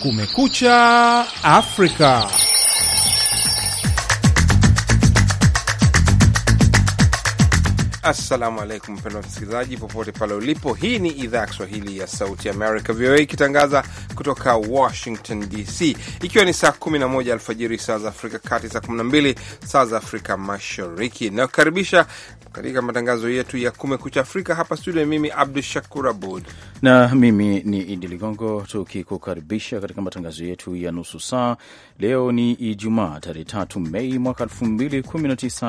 Kumekucha Afrika. Assalamu alaikum mpendwa msikilizaji, popote pale ulipo. Hii ni idhaa ya Kiswahili ya Sauti America, VOA, ikitangaza kutoka Washington DC, ikiwa ni saa 11 alfajiri saa za Afrika Kati, saa 12 saa za Afrika Mashariki. Nakukaribisha katika matangazo yetu ya Kumekucha Afrika hapa studio. Mimi Abdu Shakur Abud na mimi ni Idi Ligongo, tukikukaribisha katika matangazo yetu ya nusu saa Leo ni Ijumaa tarehe 3 Mei mwaka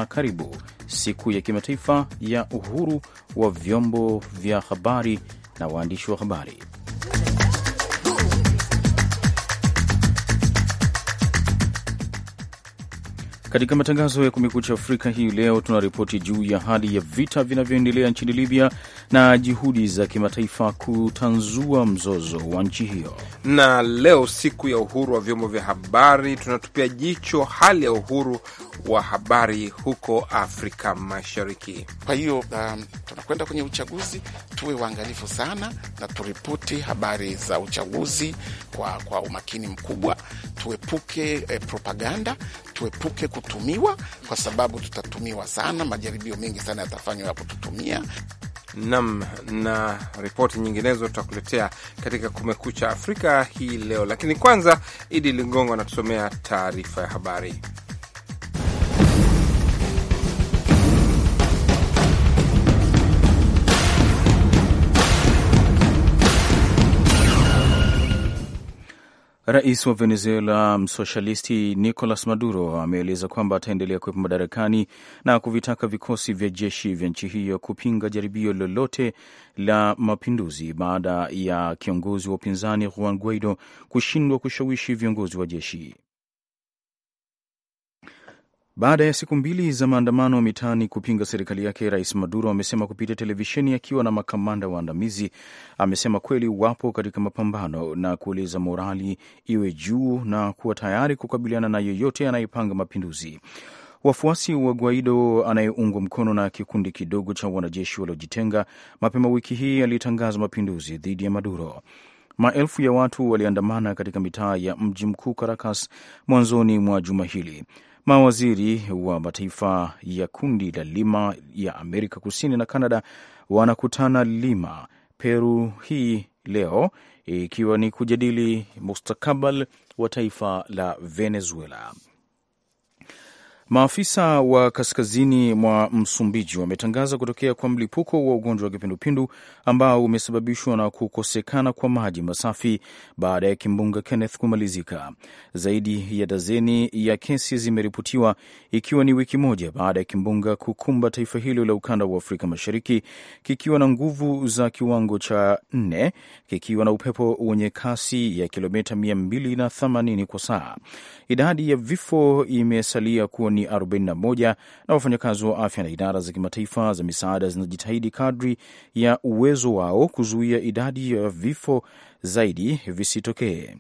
Karibu siku ya kimataifa ya uhuru wa vyombo vya habari na waandishi wa habari. Katika matangazo ya Kumekucha Afrika hii leo tunaripoti juu ya hali ya vita vinavyoendelea nchini Libya na juhudi za kimataifa kutanzua mzozo wa nchi hiyo. Na leo siku ya uhuru wa vyombo vya habari, tunatupia jicho hali ya uhuru wa habari huko Afrika Mashariki. Kwa hiyo um, tunakwenda kwenye uchaguzi, tuwe waangalifu sana na turipoti habari za uchaguzi kwa, kwa umakini mkubwa. Tuepuke eh, propaganda, tuepuke kutumiwa, kwa sababu tutatumiwa sana. Majaribio mengi sana yatafanywa ya kututumia nam na ripoti nyinginezo tutakuletea katika Kumekucha Afrika hii leo, lakini kwanza Idi Ligongo anatusomea taarifa ya habari. Rais wa Venezuela msoshalisti Nicolas Maduro ameeleza kwamba ataendelea kuwepo madarakani na kuvitaka vikosi vya jeshi vya nchi hiyo kupinga jaribio lolote la mapinduzi baada ya kiongozi wa upinzani Juan Guaido kushindwa kushawishi viongozi wa jeshi. Baada ya siku mbili za maandamano mitaani kupinga serikali yake, Rais Maduro amesema kupitia televisheni akiwa na makamanda waandamizi, amesema kweli wapo katika mapambano na kueleza morali iwe juu na kuwa tayari kukabiliana na yeyote anayepanga mapinduzi. Wafuasi wa Guaido anayeungwa mkono na kikundi kidogo cha wanajeshi waliojitenga, mapema wiki hii alitangaza mapinduzi dhidi ya Maduro. Maelfu ya watu waliandamana katika mitaa ya mji mkuu Caracas mwanzoni mwa juma hili. Mawaziri wa mataifa ya kundi la Lima ya Amerika Kusini na Kanada wanakutana Lima, Peru hii leo ikiwa ni kujadili mustakabali wa taifa la Venezuela. Maafisa wa kaskazini mwa Msumbiji wametangaza kutokea kwa mlipuko wa ugonjwa wa kipindupindu ambao umesababishwa na kukosekana kwa maji masafi baada ya kimbunga Kenneth kumalizika. Zaidi ya dazeni ya kesi zimeripotiwa ikiwa ni wiki moja baada ya kimbunga kukumba taifa hilo la ukanda wa Afrika Mashariki kikiwa na nguvu za kiwango cha nne, kikiwa na upepo wenye kasi ya kilomita 280 kwa saa. Idadi ya vifo imesalia kuwa milioni 41 na wafanyakazi wa afya na idara za kimataifa za misaada zinajitahidi kadri ya uwezo wao kuzuia idadi ya vifo zaidi visitokee.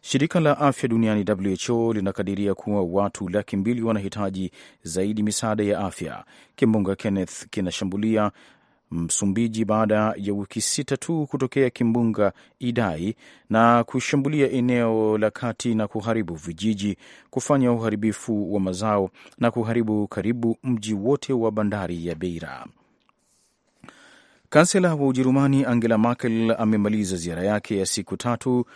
Shirika la afya duniani WHO linakadiria kuwa watu laki mbili wanahitaji zaidi misaada ya afya. Kimbunga Kenneth kinashambulia Msumbiji baada ya wiki sita tu kutokea kimbunga Idai na kushambulia eneo la kati na kuharibu vijiji, kufanya uharibifu wa mazao na kuharibu karibu mji wote wa bandari ya Beira. Kansela wa Ujerumani Angela Merkel amemaliza ziara yake ya siku tatu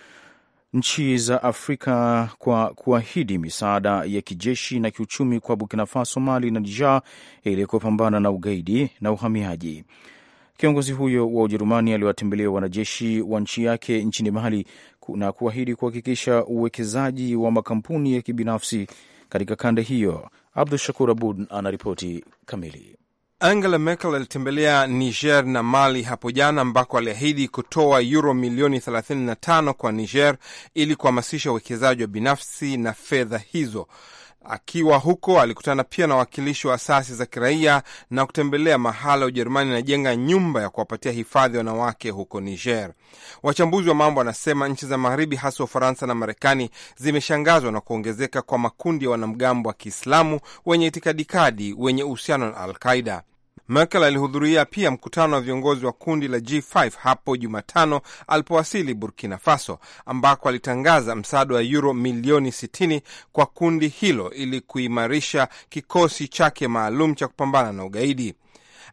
nchi za Afrika kwa kuahidi misaada ya kijeshi na kiuchumi kwa Burkina Faso, Mali na Niger ili kupambana na ugaidi na uhamiaji. Kiongozi huyo wa Ujerumani aliwatembelea wanajeshi wa nchi yake nchini Mali na kuahidi kuhakikisha uwekezaji wa makampuni ya kibinafsi katika kanda hiyo. Abdu Shakur Abud anaripoti kamili. Angela Merkel alitembelea Niger na Mali hapo jana, ambako aliahidi kutoa uro milioni 35 kwa Niger ili kuhamasisha uwekezaji wa binafsi na fedha hizo Akiwa huko alikutana pia na wawakilishi wa asasi za kiraia na kutembelea mahala Ujerumani inajenga nyumba ya kuwapatia hifadhi wanawake huko Niger. Wachambuzi wa mambo wanasema nchi za Magharibi, hasa Ufaransa na Marekani, zimeshangazwa na kuongezeka kwa makundi ya wanamgambo wa Kiislamu wenye itikadi wenye uhusiano na Alqaida. Merkel alihudhuria pia mkutano wa viongozi wa kundi la G5 hapo Jumatano alipowasili Burkina Faso, ambako alitangaza msaada wa yuro milioni 60 kwa kundi hilo ili kuimarisha kikosi chake maalum cha kupambana na ugaidi.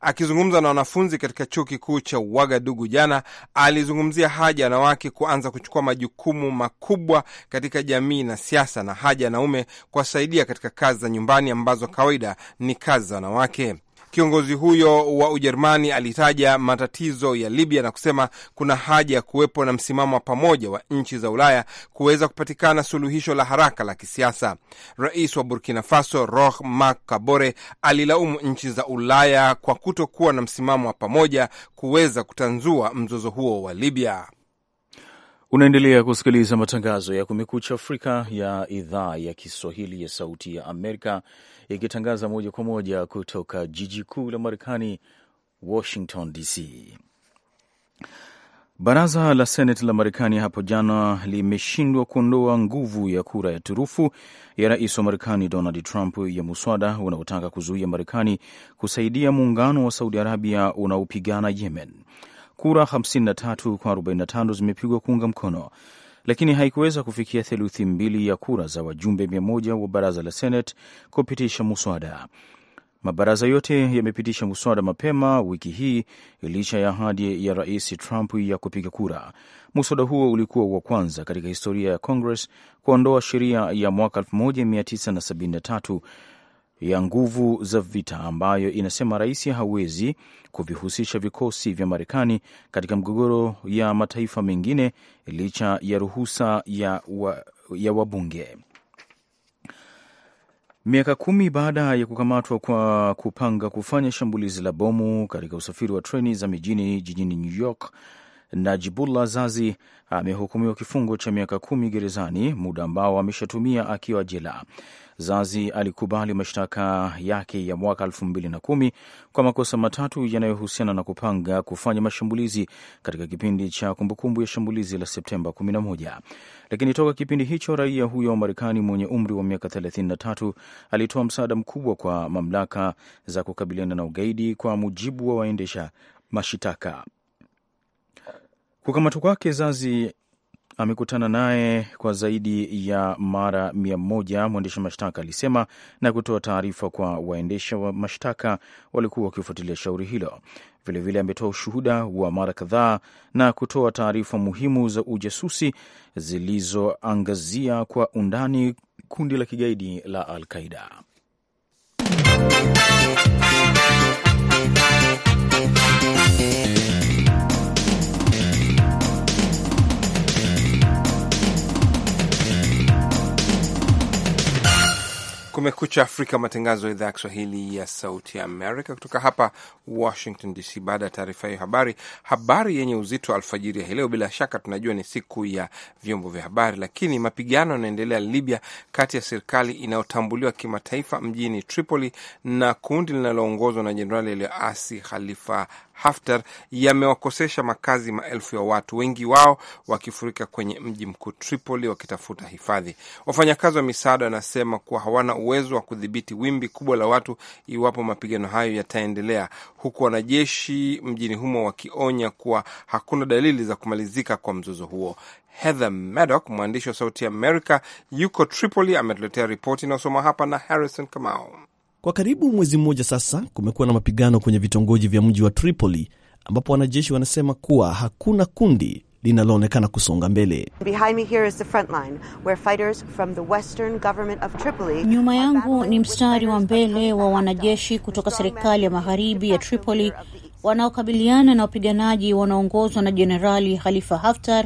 Akizungumza na wanafunzi katika chuo kikuu cha Wagadugu jana, alizungumzia haja ya wanawake kuanza kuchukua majukumu makubwa katika jamii na siasa, na haja ya wanaume kuwasaidia katika kazi za nyumbani ambazo kawaida ni kazi za wanawake. Kiongozi huyo wa Ujerumani alitaja matatizo ya Libya na kusema kuna haja ya kuwepo na msimamo wa pamoja wa nchi za Ulaya kuweza kupatikana suluhisho la haraka la kisiasa. Rais wa Burkina Faso Roch Marc Kabore alilaumu nchi za Ulaya kwa kutokuwa na msimamo wa pamoja kuweza kutanzua mzozo huo wa Libya. Unaendelea kusikiliza matangazo ya Kumekucha Afrika ya idhaa ya Kiswahili ya Sauti ya Amerika, ikitangaza moja kwa moja kutoka jiji kuu la Marekani, Washington DC. Baraza la Seneti la Marekani hapo jana limeshindwa kuondoa nguvu ya kura ya turufu ya rais wa Marekani Donald Trump ya muswada unaotaka kuzuia Marekani kusaidia muungano wa Saudi Arabia unaopigana Yemen. Kura 53 kwa 45 zimepigwa kuunga mkono, lakini haikuweza kufikia theluthi mbili ya kura za wajumbe 100 wa baraza la Senate kupitisha muswada. Mabaraza yote yamepitisha muswada mapema wiki hii licha ya ahadi ya rais Trump ya kupiga kura. Muswada huo ulikuwa wa kwanza katika historia ya Congress kuondoa sheria ya mwaka 1973 ya nguvu za vita ambayo inasema rais hawezi kuvihusisha vikosi vya Marekani katika mgogoro ya mataifa mengine licha ya ruhusa ya, wa, ya wabunge. Miaka kumi baada ya kukamatwa kwa kupanga kufanya shambulizi la bomu katika usafiri wa treni za mijini jijini New York, Najibullah Zazi amehukumiwa kifungo cha miaka kumi gerezani, muda ambao ameshatumia akiwa jela. Zazi alikubali mashtaka yake ya mwaka elfu mbili na kumi kwa makosa matatu yanayohusiana na kupanga kufanya mashambulizi katika kipindi cha kumbukumbu ya shambulizi la Septemba 11, lakini toka kipindi hicho raia huyo wa Marekani mwenye umri wa miaka 33 alitoa msaada mkubwa kwa mamlaka za kukabiliana na ugaidi, kwa mujibu wa waendesha mashitaka. Kukamatwa kwake Zazi amekutana naye kwa zaidi ya mara mia moja, mwendesha mashtaka alisema na kutoa taarifa kwa waendesha wa mashtaka walikuwa wakifuatilia shauri hilo. Vilevile ametoa ushuhuda wa mara kadhaa na kutoa taarifa muhimu za ujasusi zilizoangazia kwa undani kundi la kigaidi la Al Qaida. Kumekucha Afrika, matangazo ya idhaa ya Kiswahili ya Sauti ya Amerika kutoka hapa Washington DC. Baada ya taarifa hiyo, habari habari yenye uzito alfajiri ya leo. Bila shaka tunajua ni siku ya vyombo vya habari, lakini mapigano yanaendelea Libya kati ya serikali inayotambuliwa kimataifa mjini Tripoli na kundi linaloongozwa na jenerali aliyoasi Khalifa Haftar yamewakosesha makazi maelfu ya watu, wengi wao wakifurika kwenye mji mkuu Tripoli wakitafuta hifadhi. Wafanyakazi wa misaada wanasema kuwa hawana uwezo wa kudhibiti wimbi kubwa la watu iwapo mapigano hayo yataendelea, huku wanajeshi mjini humo wakionya kuwa hakuna dalili za kumalizika kwa mzozo huo. Heather Maddock, mwandishi wa Sauti ya Amerika, yuko Tripoli, ametuletea ripoti inayosoma hapa na Harrison Kamau. Kwa karibu mwezi mmoja sasa kumekuwa na mapigano kwenye vitongoji vya mji wa Tripoli ambapo wanajeshi wanasema kuwa hakuna kundi linaloonekana kusonga mbele. Nyuma yangu ni mstari wa mbele wa wanajeshi kutoka serikali ya magharibi ya Tripoli wanaokabiliana na wapiganaji wanaoongozwa na Jenerali Khalifa Haftar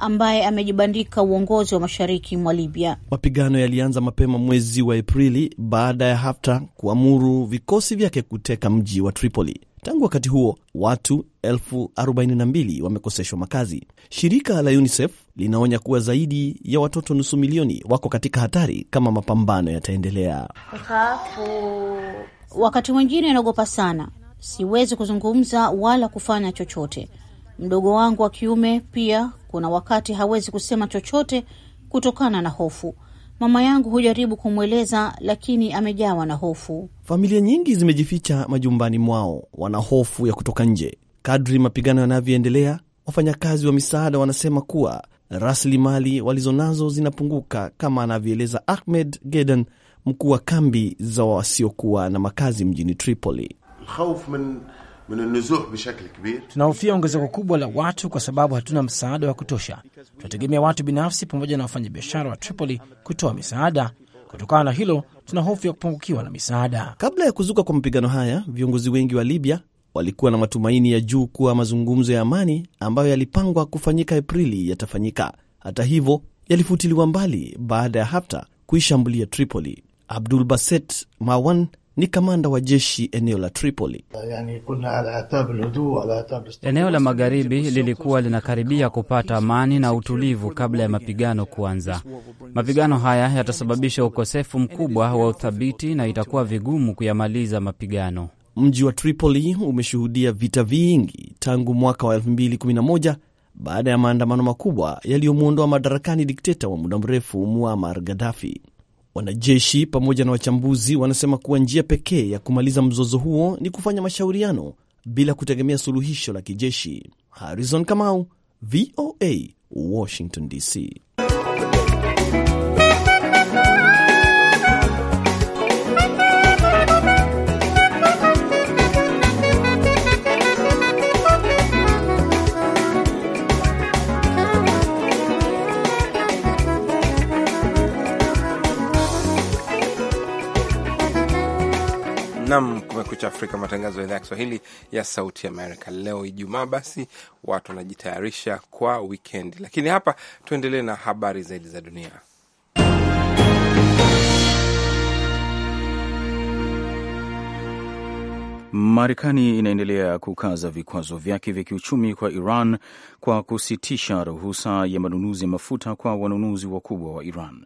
ambaye amejibandika uongozi wa mashariki mwa Libya. Mapigano yalianza mapema mwezi wa Aprili baada ya Haftar kuamuru vikosi vyake kuteka mji wa Tripoli. Tangu wakati huo watu 42 wamekoseshwa makazi. Shirika la UNICEF linaonya kuwa zaidi ya watoto nusu milioni wako katika hatari kama mapambano yataendelea. Wakati mwingine inaogopa sana, siwezi kuzungumza wala kufanya chochote Mdogo wangu wa kiume pia kuna wakati hawezi kusema chochote kutokana na hofu. Mama yangu hujaribu kumweleza, lakini amejawa na hofu. Familia nyingi zimejificha majumbani mwao, wana hofu ya kutoka nje. Kadri mapigano yanavyoendelea, wafanyakazi wa misaada wanasema kuwa rasilimali walizonazo zinapunguka, kama anavyoeleza Ahmed Gedan, mkuu wa kambi za wasiokuwa na makazi mjini Tripoli. Tunahofia ongezeko kubwa la watu kwa sababu hatuna msaada wa kutosha. Tunategemea watu binafsi pamoja na wafanyabiashara wa Tripoli kutoa misaada. Kutokana na hilo, tuna hofu ya kupungukiwa na misaada. Kabla ya kuzuka kwa mapigano haya, viongozi wengi wa Libya walikuwa na matumaini ya juu kuwa mazungumzo ya amani ambayo yalipangwa kufanyika Aprili yatafanyika. Hata hivyo, yalifutiliwa mbali baada ya Haftar kuishambulia Tripoli. Abdul Baset Mawan ni kamanda wa jeshi eneo la Tripoli. Eneo la magharibi lilikuwa linakaribia kupata amani na utulivu kabla ya mapigano kuanza. Mapigano haya yatasababisha ukosefu mkubwa wa uthabiti na itakuwa vigumu kuyamaliza mapigano. Mji wa Tripoli umeshuhudia vita vingi tangu mwaka wa 2011 baada ya maandamano makubwa yaliyomwondoa madarakani dikteta wa muda mrefu Muammar Gaddafi. Wanajeshi pamoja na wachambuzi wanasema kuwa njia pekee ya kumaliza mzozo huo ni kufanya mashauriano bila kutegemea suluhisho la kijeshi. Harrison Kamau, VOA, Washington DC. Nam Kumekucha Afrika, matangazo ya idhaa ya Kiswahili ya Sauti Amerika. Leo Ijumaa, basi watu wanajitayarisha kwa wikendi, lakini hapa tuendelee na habari zaidi za dunia. Marekani inaendelea kukaza vikwazo vyake vya kiuchumi kwa Iran kwa kusitisha ruhusa ya manunuzi ya mafuta kwa wanunuzi wakubwa wa Iran.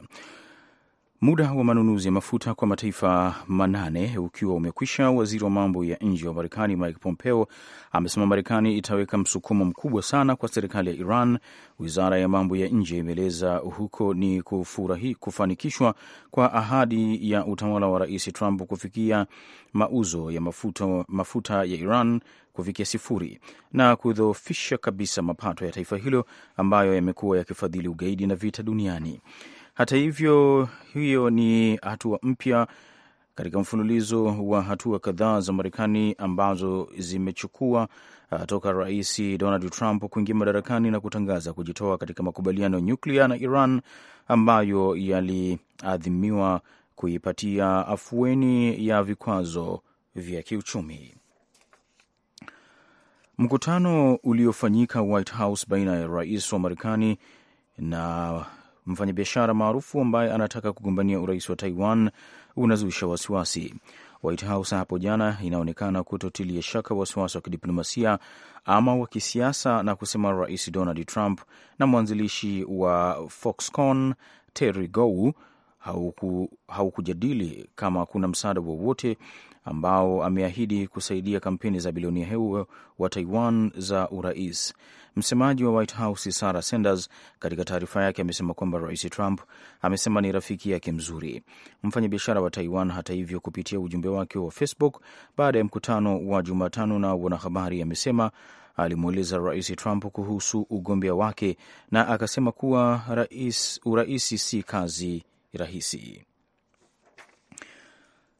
Muda wa manunuzi ya mafuta kwa mataifa manane ukiwa umekwisha, waziri wa mambo ya nje wa Marekani Mike Pompeo amesema Marekani itaweka msukumo mkubwa sana kwa serikali ya Iran. Wizara ya mambo ya nje imeeleza huko ni kufurahi kufanikishwa kwa ahadi ya utawala wa Rais Trump kufikia mauzo ya mafuta, mafuta ya Iran kufikia sifuri na kudhoofisha kabisa mapato ya taifa hilo ambayo yamekuwa yakifadhili ugaidi na vita duniani. Hata hivyo, hiyo ni hatua mpya katika mfululizo wa hatua kadhaa za Marekani ambazo zimechukua uh, toka Rais Donald Trump kuingia madarakani na kutangaza kujitoa katika makubaliano ya nyuklia na Iran ambayo yaliadhimiwa kuipatia afueni ya vikwazo vya kiuchumi. Mkutano uliofanyika White House baina ya rais wa Marekani na mfanyabiashara maarufu ambaye anataka kugombania urais wa Taiwan unazusha wasiwasi. White House hapo jana inaonekana kutotilia shaka wasiwasi wa kidiplomasia ama wa kisiasa na kusema Rais Donald Trump na mwanzilishi wa Foxconn Terry Gou haukujadili hauku kama kuna msaada wowote ambao ameahidi kusaidia kampeni za bilionia huyo wa Taiwan za urais. Msemaji wa White House Sarah Sanders katika taarifa yake amesema kwamba Rais Trump amesema ni rafiki yake mzuri. Mfanyabiashara wa Taiwan, hata hivyo, kupitia ujumbe wake wa Facebook baada ya mkutano wa Jumatano na wanahabari, amesema alimweleza Rais Trump kuhusu ugombea wake na akasema kuwa rais, uraisi si kazi rahisi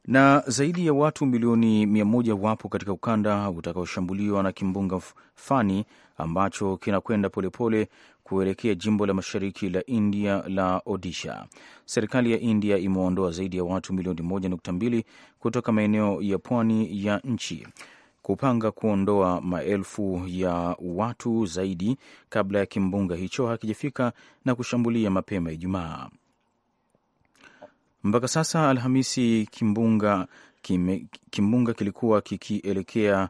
na zaidi ya watu milioni mia moja wapo katika ukanda utakaoshambuliwa na kimbunga Fani ambacho kinakwenda polepole kuelekea jimbo la mashariki la India la Odisha. Serikali ya India imeondoa zaidi ya watu milioni 1.2 kutoka maeneo ya pwani ya nchi kupanga kuondoa maelfu ya watu zaidi kabla ya kimbunga hicho hakijafika na kushambulia mapema Ijumaa. Mpaka sasa Alhamisi, kimbunga, kime, kimbunga kilikuwa kikielekea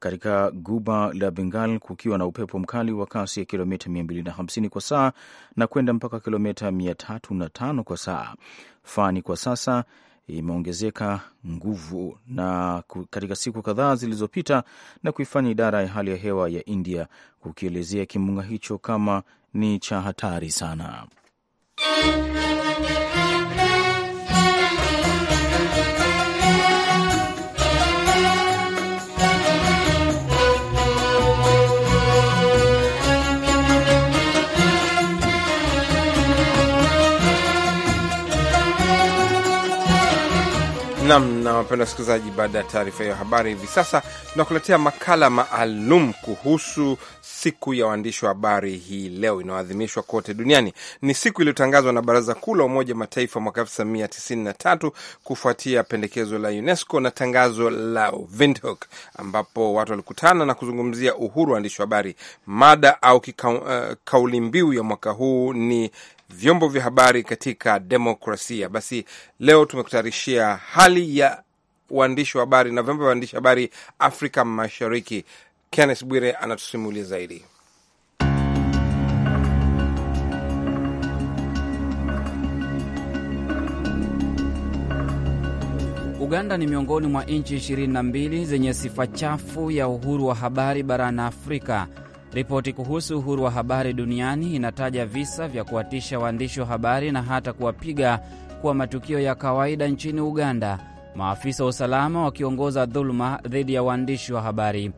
katika guba la Bengal kukiwa na upepo mkali wa kasi ya kilomita 250 kwa saa na kwenda mpaka kilomita 305 kwa saa. Fani kwa sasa imeongezeka nguvu na katika siku kadhaa zilizopita na kuifanya idara ya hali ya hewa ya India kukielezea kimbunga hicho kama ni cha hatari sana. Nam na wapenda wasikilizaji, baada ya taarifa hiyo habari, hivi sasa tunakuletea makala maalum kuhusu siku ya waandishi wa habari hii leo inayoadhimishwa kote duniani. Ni siku iliyotangazwa na Baraza Kuu la Umoja Mataifa mwaka 1993 kufuatia pendekezo la UNESCO na tangazo la Windhoek, ambapo watu walikutana na kuzungumzia uhuru wa waandishi wa habari. Mada au uh, kauli mbiu ya mwaka huu ni vyombo vya habari katika demokrasia. Basi leo tumekutayarishia hali ya waandishi wa habari na vyombo vya waandishi habari Afrika Mashariki. Kenneth Bwire anatusimulia zaidi. Uganda ni miongoni mwa nchi 22 zenye sifa chafu ya uhuru wa habari barani Afrika. Ripoti kuhusu uhuru wa habari duniani inataja visa vya kuwatisha waandishi wa habari na hata kuwapiga kuwa matukio ya kawaida nchini Uganda, maafisa wa usalama wakiongoza dhuluma dhidi ya waandishi wa habari.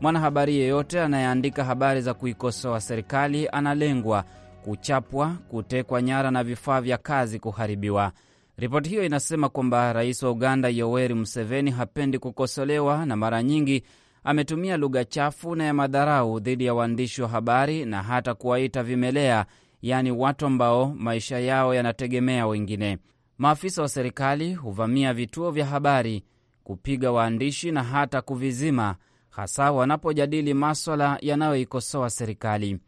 Mwanahabari yeyote anayeandika habari za kuikosoa serikali analengwa, kuchapwa, kutekwa nyara na vifaa vya kazi kuharibiwa. Ripoti hiyo inasema kwamba rais wa Uganda Yoweri Museveni hapendi kukosolewa na mara nyingi ametumia lugha chafu na ya madharau dhidi ya waandishi wa habari na hata kuwaita vimelea, yaani watu ambao maisha yao yanategemea wengine. Maafisa wa serikali huvamia vituo vya habari, kupiga waandishi na hata kuvizima, hasa wanapojadili maswala yanayoikosoa serikali.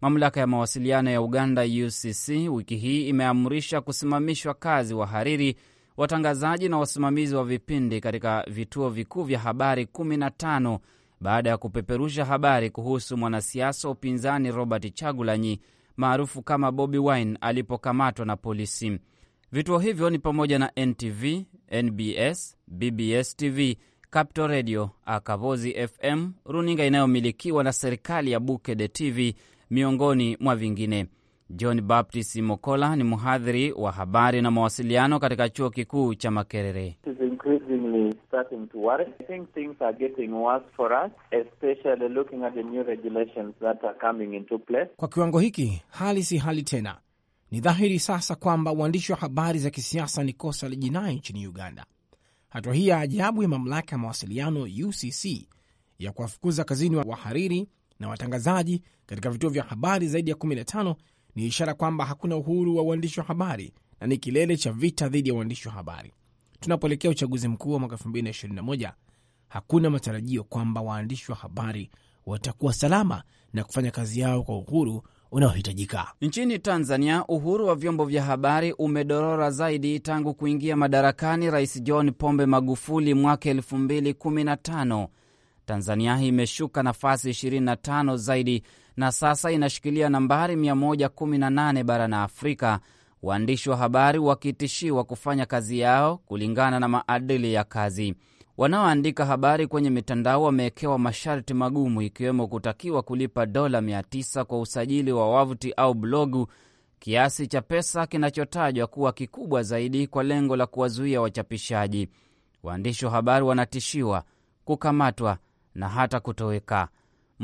Mamlaka ya mawasiliano ya Uganda UCC wiki hii imeamrisha kusimamishwa kazi wahariri watangazaji na wasimamizi wa vipindi katika vituo vikuu vya habari 15 baada ya kupeperusha habari kuhusu mwanasiasa wa upinzani Robert Chagulanyi maarufu kama Bobi Wine alipokamatwa na polisi. Vituo hivyo ni pamoja na NTV, NBS, BBS TV, Capital Radio, Akavozi FM, runinga inayomilikiwa na serikali ya Bukede TV, miongoni mwa vingine. John Baptist Mokola ni mhadhiri wa habari na mawasiliano katika chuo kikuu cha Makerere. Kwa kiwango hiki, hali si hali tena. Ni dhahiri sasa kwamba uandishi wa habari za kisiasa ni kosa la jinai nchini Uganda. Hatua hii ya ajabu ya mamlaka ya mawasiliano UCC ya kuwafukuza kazini wa wahariri na watangazaji katika vituo vya habari zaidi ya 15 ni ishara kwamba hakuna uhuru wa uandishi wa habari na ni kilele cha vita dhidi ya uandishi wa habari. Tunapoelekea uchaguzi mkuu wa mwaka 2021 hakuna matarajio kwamba waandishi wa habari watakuwa salama na kufanya kazi yao kwa uhuru unaohitajika. Nchini Tanzania, uhuru wa vyombo vya habari umedorora zaidi tangu kuingia madarakani Rais John Pombe Magufuli mwaka 2015. Tanzania imeshuka nafasi 25 zaidi na sasa inashikilia nambari 118 barani Afrika, waandishi wa habari wakitishiwa kufanya kazi yao kulingana na maadili ya kazi. Wanaoandika habari kwenye mitandao wamewekewa masharti magumu, ikiwemo kutakiwa kulipa dola 900 kwa usajili wa wavuti au blogu, kiasi cha pesa kinachotajwa kuwa kikubwa zaidi kwa lengo la kuwazuia wachapishaji. Waandishi wa habari wanatishiwa kukamatwa na hata kutoweka.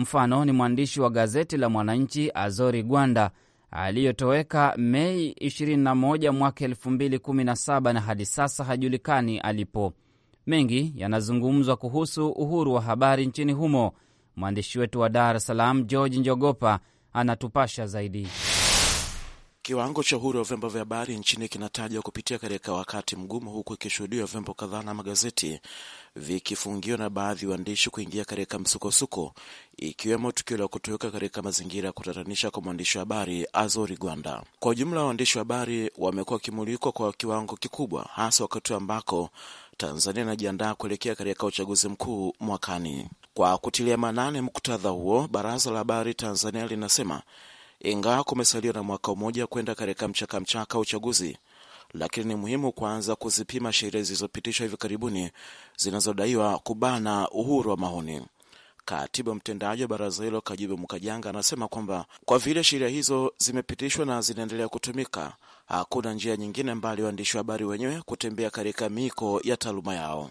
Mfano ni mwandishi wa gazeti la Mwananchi Azori Gwanda aliyotoweka Mei 21 mwaka 2017 na hadi sasa hajulikani alipo. Mengi yanazungumzwa kuhusu uhuru wa habari nchini humo. Mwandishi wetu wa Dar es Salaam George Njogopa anatupasha zaidi. Kiwango cha uhuru wa vyombo vya habari nchini kinatajwa kupitia katika wakati mgumu, huku ikishuhudiwa vyombo kadhaa na magazeti vikifungiwa na baadhi ya waandishi kuingia katika msukosuko, ikiwemo tukio la kutoweka katika mazingira ya kutatanisha kwa mwandishi wa habari Azori Gwanda. Kwa ujumla, waandishi wa habari wamekuwa wakimulikwa kwa kiwango kikubwa, hasa wakati ambako Tanzania inajiandaa kuelekea katika uchaguzi mkuu mwakani. Kwa kutilia manane muktadha huo, Baraza la Habari Tanzania linasema ingawa kumesalia na mwaka mmoja kwenda katika mchakamchaka wa uchaguzi, lakini ni muhimu kuanza kuzipima sheria zilizopitishwa hivi karibuni zinazodaiwa kubana uhuru wa maoni. Katibu mtendaji wa baraza hilo Kajibu Mkajanga anasema kwamba kwa vile sheria hizo zimepitishwa na zinaendelea kutumika, hakuna ah, njia nyingine mbali waandishi wa habari wenyewe kutembea katika miko ya taaluma yao.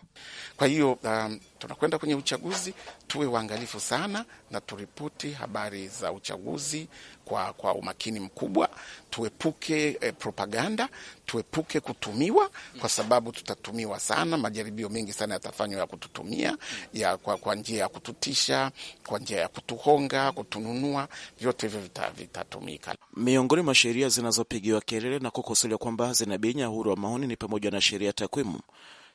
Kwa hiyo um, tunakwenda kwenye uchaguzi, tuwe waangalifu sana na turipoti habari za uchaguzi kwa, kwa umakini mkubwa. Tuepuke eh, propaganda, tuepuke kutumiwa, kwa sababu tutatumiwa sana. Majaribio mengi sana yatafanywa ya kututumia ya, kwa, kwa njia ya kututisha, kwa njia ya kutuhonga, kutununua, vyote hivyo vitatumika. Miongoni mwa sheria zinazopigiwa kelele na na kukosolewa kwamba zinabinya uhuru wa maoni ni pamoja na sheria ya takwimu,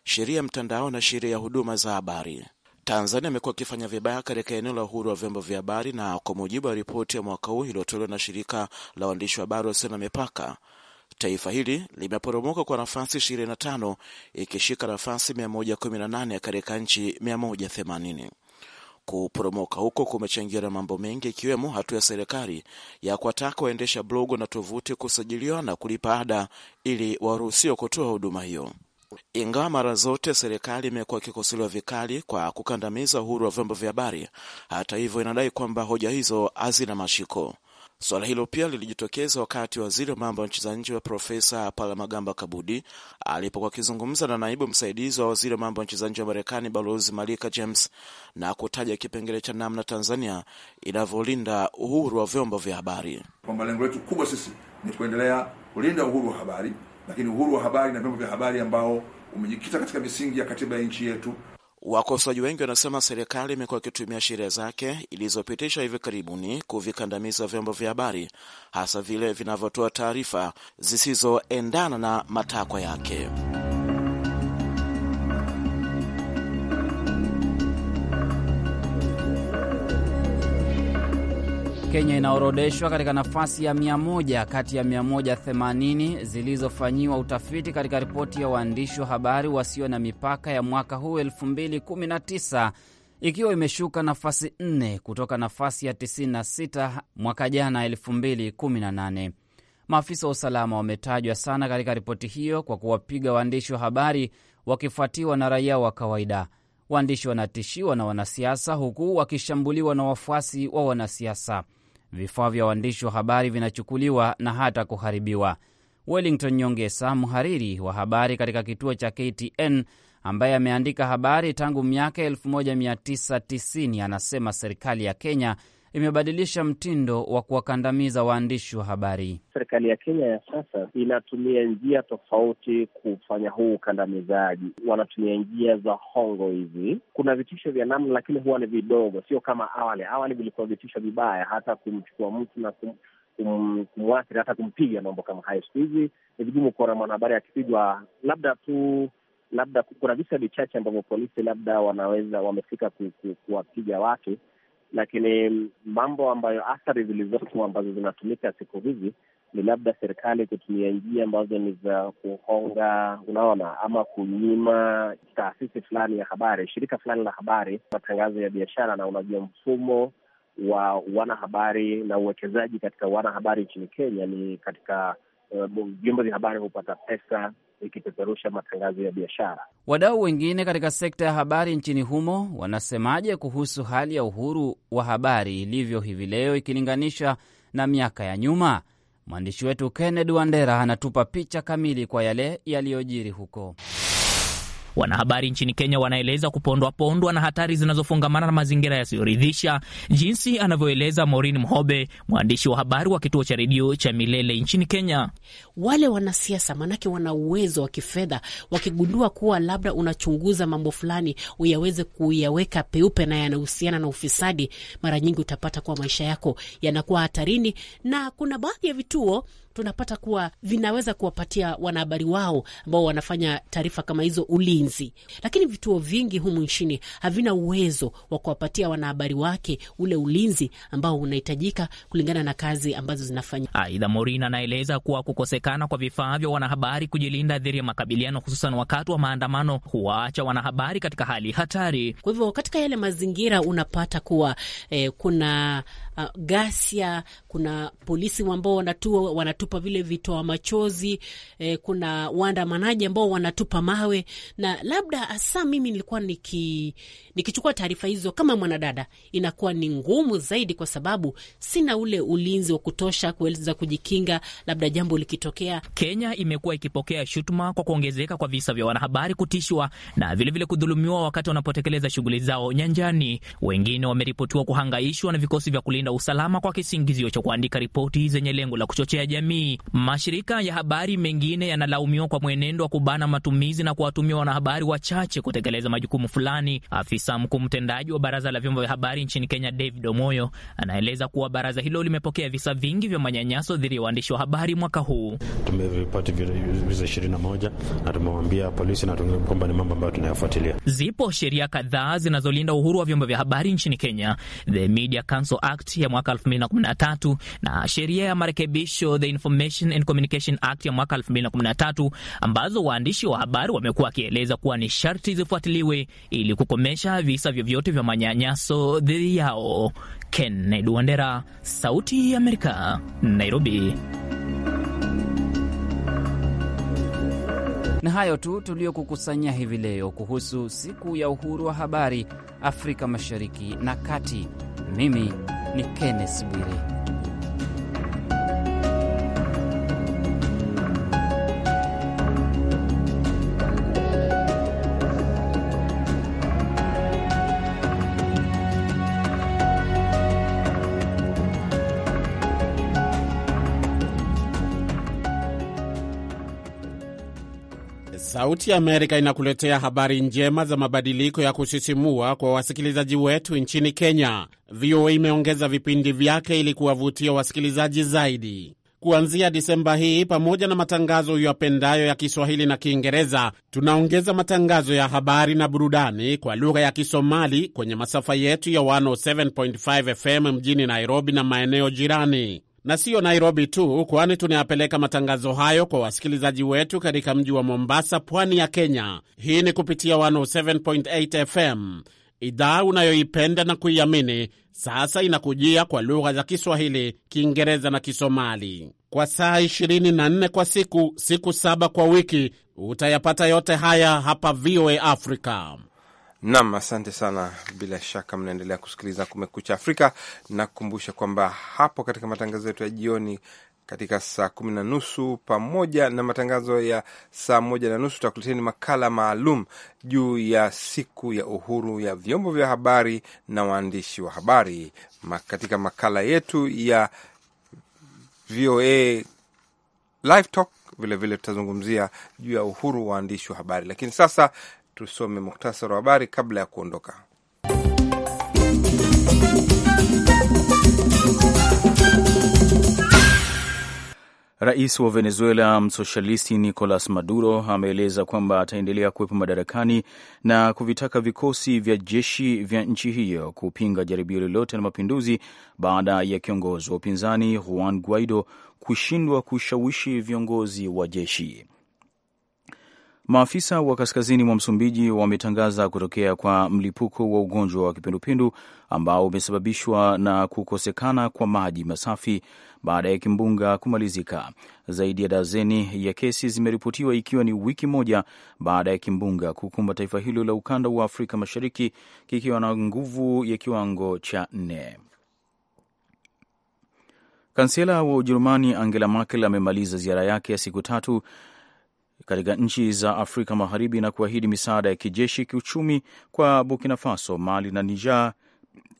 sheria ya mtandao na sheria ya huduma za habari. Tanzania imekuwa ikifanya vibaya katika eneo la uhuru wa vyombo vya habari, na kwa mujibu wa ripoti ya mwaka huu iliyotolewa na shirika la waandishi wa habari wasio na mipaka, taifa hili limeporomoka kwa nafasi 25 ikishika nafasi 118 katika nchi 180. Kuporomoka huko kumechangia na mambo mengi, ikiwemo hatua ya serikali ya kuwataka waendesha blogo na tovuti kusajiliwa na kulipa ada ili waruhusiwe kutoa huduma hiyo. Ingawa mara zote serikali imekuwa ikikosolewa vikali kwa kukandamiza uhuru wa vyombo vya habari, hata hivyo, inadai kwamba hoja hizo hazina mashiko. Suala hilo pia lilijitokeza wakati waziri wa mambo ya nchi za nje wa Profesa Palamagamba Kabudi alipokuwa akizungumza na naibu msaidizi wa waziri wa mambo ya nchi za nje wa Marekani Balozi Malika James na kutaja kipengele cha namna Tanzania inavyolinda uhuru wa vyombo vya habari, kwamba lengo letu kubwa sisi ni kuendelea kulinda uhuru wa habari, lakini uhuru wa habari na vyombo vya habari ambao umejikita katika misingi ya katiba ya nchi yetu Wakosoaji wengi wanasema serikali imekuwa ikitumia sheria zake ilizopitishwa hivi karibuni kuvikandamiza vyombo vya habari, hasa vile vinavyotoa taarifa zisizoendana na matakwa yake. Kenya inaorodeshwa katika nafasi ya 100 kati ya 180 zilizofanyiwa utafiti katika ripoti ya waandishi wa habari wasio na mipaka ya mwaka huu 2019 ikiwa imeshuka nafasi 4 kutoka nafasi ya 96 mwaka jana 2018. Maafisa wa usalama wametajwa sana katika ripoti hiyo kwa kuwapiga waandishi wa habari wakifuatiwa na raia wa kawaida. Waandishi wanatishiwa na wanasiasa huku wakishambuliwa na wafuasi wa wanasiasa vifaa vya waandishi wa habari vinachukuliwa na hata kuharibiwa. Wellington Nyongesa, mhariri wa habari katika kituo cha KTN ambaye ameandika habari tangu miaka 1990, anasema serikali ya Kenya imebadilisha mtindo wa kuwakandamiza waandishi wa habari. Serikali ya Kenya ya sasa inatumia njia tofauti kufanya huu ukandamizaji. Wanatumia njia za hongo hizi. Kuna vitisho vya namna, lakini huwa ni vidogo, sio kama awali. Awali vilikuwa vitisho vibaya, hata kumchukua mtu na kum kumwathiri hata kumpiga, mambo kama hayo. Siku hizi ni vigumu kuona mwanahabari akipigwa, labda tu, labda kuna visa vichache ambavyo polisi labda wanaweza wamefika kuwapiga watu, lakini mambo ambayo athari zilizopo ambazo zinatumika siku hizi ni labda serikali kutumia njia ambazo ni za kuhonga, unaona, ama kunyima taasisi fulani ya habari, shirika fulani la habari, matangazo ya biashara. Na unajua mfumo wa wanahabari na uwekezaji katika wanahabari nchini Kenya ni katika eh, vyombo uh, vya habari hupata pesa ikipeperusha matangazo ya biashara. Wadau wengine katika sekta ya habari nchini humo wanasemaje kuhusu hali ya uhuru wa habari ilivyo hivi leo ikilinganisha na miaka ya nyuma? Mwandishi wetu Kennedy Wandera anatupa picha kamili kwa yale yaliyojiri huko. Wanahabari nchini Kenya wanaeleza kupondwapondwa na hatari zinazofungamana na mazingira yasiyoridhisha, jinsi anavyoeleza Maureen Mhobe, mwandishi wa habari wa kituo cha redio cha Milele nchini Kenya. Wale wanasiasa maanake wana uwezo wa kifedha, wakigundua kuwa labda unachunguza mambo fulani uyaweze kuyaweka peupe na yanahusiana na ufisadi, mara nyingi utapata kuwa maisha yako yanakuwa hatarini, na kuna baadhi ya vituo tunapata kuwa vinaweza kuwapatia wanahabari wao ambao wanafanya taarifa kama hizo ulinzi, lakini vituo vingi humu nchini havina uwezo wa kuwapatia wanahabari wake ule ulinzi ambao unahitajika kulingana na kazi ambazo zinafanya. Aidha, Morin anaeleza kuwa kukosekana kwa vifaa vya wanahabari kujilinda dhidi ya makabiliano, hususan wakati wa maandamano, huwaacha wanahabari katika hali hatari. Kwa hivyo katika yale mazingira unapata kuwa eh, kuna uh, ghasia, kuna polisi ambao wanatua, wanatupa vile vitoa machozi eh, kuna waandamanaji ambao wanatupa mawe, na labda hasa mimi nilikuwa niki, nikichukua taarifa hizo kama mwanadada, inakuwa ni ngumu zaidi kwa sababu sina ule ulinzi wa kutosha kuweza kujikinga labda jambo likitokea. Kenya imekuwa ikipokea shutuma kwa kuongezeka kwa visa vya wanahabari kutishwa na vilevile vile kudhulumiwa wakati wanapotekeleza shughuli zao nyanjani. Wengine wameripotiwa kuhangaishwa na vikosi vya kulinda kulinda usalama kwa kisingizio cha kuandika ripoti zenye lengo la kuchochea jamii. Mashirika ya habari mengine yanalaumiwa kwa mwenendo wa kubana matumizi na kuwatumia wanahabari wachache kutekeleza majukumu fulani. Afisa mkuu mtendaji wa baraza la vyombo vya habari nchini Kenya, David Omoyo, anaeleza kuwa baraza hilo limepokea visa vingi vya manyanyaso dhidi ya waandishi wa habari mwaka huu. visa na polisi na kwamba ni mambo ambayo tunayafuatilia. Zipo sheria kadhaa zinazolinda uhuru wa vyombo vya habari nchini Kenya. The Media Council Act Act ya mwaka 2013 na sheria ya marekebisho the Information and Communication Act ya mwaka 2013 ambazo waandishi wa habari wamekuwa wakieleza kuwa ni sharti zifuatiliwe ili kukomesha visa vyovyote vya manyanyaso dhidi yao. Kennedy Wandera, Sauti ya Amerika, Nairobi. Na hayo tu tuliyokukusanyia hivi leo kuhusu siku ya uhuru wa habari Afrika Mashariki na Kati. Mimi ni Kenneth Bwire. Sauti ya Amerika inakuletea habari njema za mabadiliko ya kusisimua kwa wasikilizaji wetu nchini Kenya. VOA imeongeza vipindi vyake ili kuwavutia wasikilizaji zaidi. Kuanzia Disemba hii, pamoja na matangazo uyapendayo ya Kiswahili na Kiingereza, tunaongeza matangazo ya habari na burudani kwa lugha ya Kisomali kwenye masafa yetu ya 107.5 FM mjini Nairobi na maeneo jirani na siyo Nairobi tu, kwani tunayapeleka matangazo hayo kwa wasikilizaji wetu katika mji wa Mombasa, pwani ya Kenya. Hii ni kupitia 107.8 FM. Idhaa unayoipenda na kuiamini sasa inakujia kwa lugha za Kiswahili, Kiingereza na Kisomali kwa saa 24 kwa siku, siku saba kwa wiki. Utayapata yote haya hapa VOA Africa. Nam, asante sana. Bila shaka mnaendelea kusikiliza Kumekucha Afrika na kukumbusha kwamba hapo katika matangazo yetu ya jioni katika saa kumi na nusu pamoja na matangazo ya saa moja na nusu tutakuleteni makala maalum juu ya siku ya uhuru ya vyombo vya habari na waandishi wa habari katika makala yetu ya VOA Live Talk. Vilevile tutazungumzia juu ya uhuru wa waandishi wa habari, lakini sasa tusome muktasari wa habari kabla ya kuondoka. Rais wa Venezuela msoshalisti Nicolas Maduro ameeleza kwamba ataendelea kuwepo madarakani na kuvitaka vikosi vya jeshi vya nchi hiyo kupinga jaribio lolote la mapinduzi baada ya kiongozi wa upinzani Juan Guaido kushindwa kushawishi viongozi wa jeshi. Maafisa wa kaskazini mwa Msumbiji wametangaza kutokea kwa mlipuko wa ugonjwa wa kipindupindu ambao umesababishwa na kukosekana kwa maji masafi baada ya kimbunga kumalizika. Zaidi ya dazeni ya kesi zimeripotiwa ikiwa ni wiki moja baada ya kimbunga kukumba taifa hilo la ukanda wa Afrika Mashariki kikiwa na nguvu ya kiwango cha nne. Kansela wa Ujerumani Angela Merkel amemaliza ziara yake ya siku tatu katika nchi za Afrika Magharibi na kuahidi misaada ya kijeshi, kiuchumi kwa Burkina Faso, Mali na Niger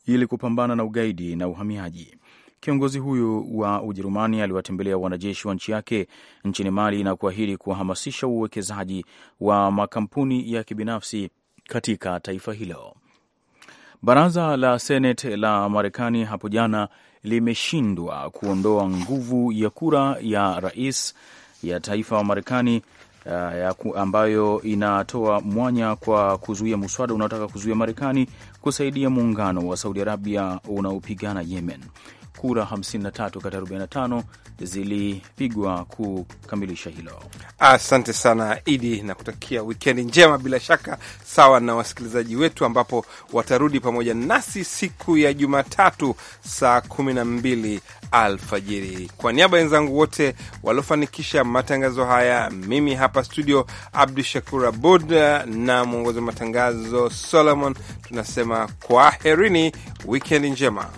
ili kupambana na ugaidi na uhamiaji. Kiongozi huyu wa Ujerumani aliwatembelea wanajeshi wa nchi yake nchini Mali na kuahidi kuwahamasisha uwekezaji wa makampuni ya kibinafsi katika taifa hilo. Baraza la Seneti la Marekani hapo jana limeshindwa kuondoa nguvu ya kura ya rais ya taifa wa Marekani uh, ambayo inatoa mwanya kwa kuzuia muswada unaotaka kuzuia Marekani kusaidia muungano wa Saudi Arabia unaopigana Yemen kura 53 kati ya 45 zilipigwa kukamilisha hilo. Asante sana Idi, na kutakia wikendi njema, bila shaka sawa na wasikilizaji wetu, ambapo watarudi pamoja nasi siku ya Jumatatu saa 12 alfajiri. Kwa niaba ya wenzangu wote waliofanikisha matangazo haya, mimi hapa studio Abdu Shakur Abud na mwongozi wa matangazo Solomon, tunasema kwaherini, wikendi njema.